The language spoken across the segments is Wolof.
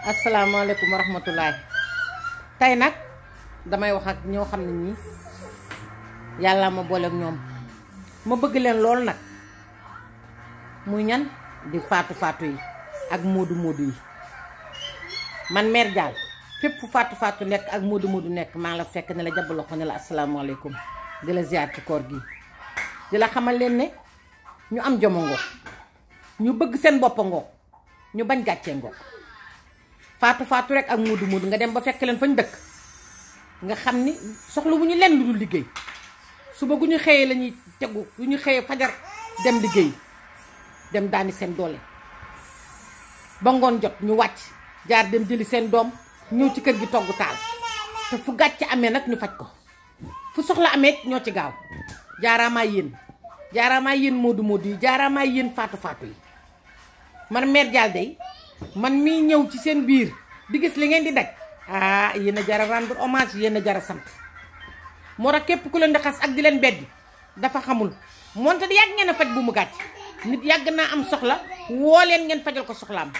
Assalamualaikum warahmatullahi tay nak damay wax ak ño xamni ni yalla yàlla ma booleeg ñom ma bëgg leen lool nak muy ñan di fatu fatu yi ak modu, modu yi man mère Dial fepp fatu fatu nek ak modu modu nek ma la fekk ne la jabb loxo ne la assalamualaikum di la ziar ci koor gi di la xamal leen ne ñu am jomo ñu bëgg seen bopp ñu bañ gatché ngoog faatu faatu rek ak moodu moodu nga dem ba fekk leen fañ dëkk nga xam ni soxla wu ñu lenn lu dul liggéey suba gu ñu xëyee lañuy tegu gu ñu xëyee fajar dem liggéey dem daani seen doole ba ngoon jot ñu wàcc jaar dem jëli seen doom ñëw ci kër gi togg taal te fu gàcce amee nag ñu faj ko fu soxla amee ñoo ci gaaw jaaraamaa yéen jaaraamaa yéen moodu moodu yi jaaraamaa yéen faatu faatu yi man mère Dial dey man mii ñëw ci seen biir di gis li ngeen di daj ah yéen a jar a rendre hommage yéen a sant moo tax képp ku leen di xas ak di leen beddi dafa xamul moonte di yàgg ngeen faj bu mu gàcc nit yàgg naa am soxla woo leen ngeen fajal ko soxlaam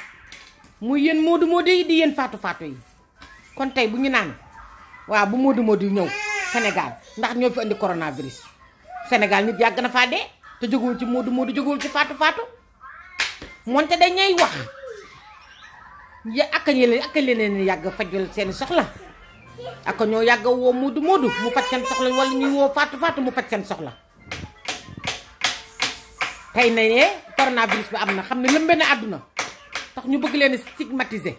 muy yéen moodu moodu yi di yéen faatu faatu yi kon tey bu ñu naan waaw bu moodu moodu yi ñëw Sénégal ndax ñoo fi andi coronavirus senegal nit yàgg na faa dee te jógewul ci moodu moodu jógewul ci faatu faatu moonte dañuy wax ya ak a ñeneen ak a leneen yàgg fajul seen soxla ak ñoo yàgg woo Moodu Moodu mu faj seen soxla wala ñuy woo Fatou Fatou mu faj seen soxla. tey na ne coronavirus bi am na xam ne lëmbe na àdduna tax ñu bëgg leen stigmatiser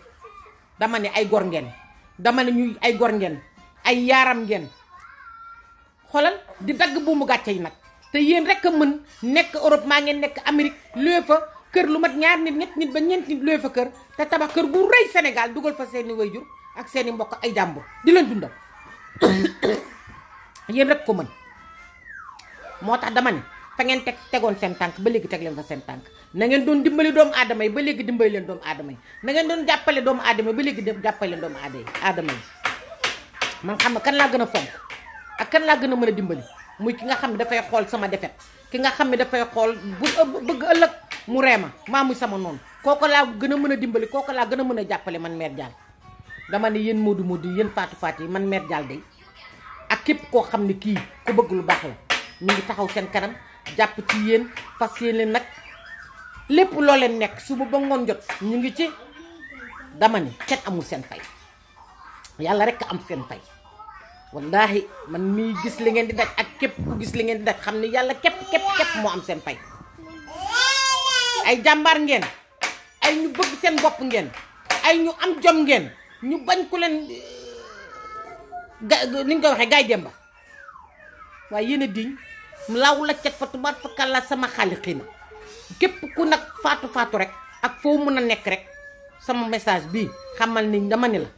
dama ne ay gor ngeen dama ne ñuy ay gor ngeen ay yaaram ngeen xoolal di dagg buumu gàcce yi nag te yéen rek a mën nekk Europe maa ngeen nekk Amérique lépp kër lu mat ñaar nit ñet nit ba ñent nit loy fa kër te tabax kër bu reuy Sénégal duggal fa seen wayjur ak seen mbokk ay jàmbur di leen dundal yeen rek ko mën motax dama ne fa ngeen tek tegoon seen tank ba léegi tek leen fa seen tank na ngeen doon dimbali doom adamay ba léegi dimbali leen doom adamay na ngeen doon jàppale doom adamay ba léegi jàppale doom adamay adamay man xam kan la gëna fonk ak kan la gëna mëna dimbali muy ki nga xam ne dafay xol sama defet ki nga xam ne dafay xol bu bëgg ëlëk mu réma ma muy sama non, koko la gëna mëna dimbali koko la gëna mëna jappalé man mère Dial dama né yeen Modou Modou yeen Fatou Fatou man mère Dial dé ak képp ko xam ki kii ku bëgg lu bax la ñu ngi taxaw seen kanam japp ci yeen fas yeen le nak lepp lo leen nekk suba ba ngon jot ñu ngi ci dama ni kenn amu seen fay yalla rek am seen fay wallahi man mi gis li ngeen di daj ak kep ku gis li ngeen di daj xam yalla kep kep kep mo am seen fay ay jambar ngeen ay ñu bëgg seen bop ngeen ay ñu am jom ngeen ñu bañ ku leen eh, ga ni nga waxe gay demba way yene diñ law la sama khaliqina Kep ku nak fatu fatu rek ak fo mu na nek rek sama message bi xamal ni dama ni la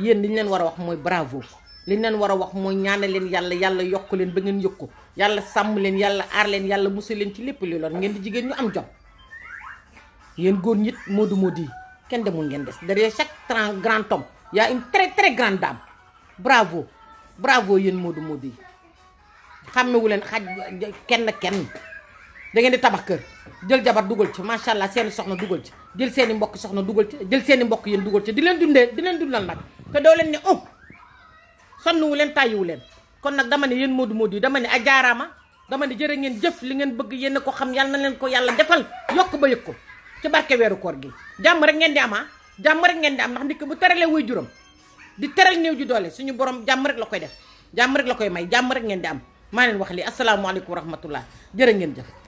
yeen liñ leen wara wax moy bravo liñ leen wara wax moy ñaanal leen yalla yalla yokku leen ba ngeen yokku yalla sam leen yalla ar leen yalla musul leen ci lepp li lon ngeen di jigen ñu am jom Yen goor nit modou modi ken kenn demul ngeen dess derrière chaque grand homme ya une très très grande dame bravo bravo yen modu modi yi wulen xaj kenn kenn da ngeen di tabax keur djel jabar dugul ci machallah allah soxna dugul ci djel seeni mbokk soxna dugul ci djel seeni mbokk yéen dugul ci di len dundé di len dundal nak te do len ni oh sonu wulen tayi wulen kon nak dama ni yen modou modi dama ni ajaaraama dama ni jere ngeen jëf li ngeen bëgg yéen ko xam yalla na len ko yalla defal yok ba ko ci barke weeru koor gi jàmm rek ngeen di am ah jàmm rek ngeen di am ndax nit ki bu teralee way juram di teral néew ju doole suñu borom jàmm rek la koy def jàmm rek la koy may jàmm rek ngeen di am maa leen wax li asalaamaaleykum wa rahmatullah jërë ngeen jëf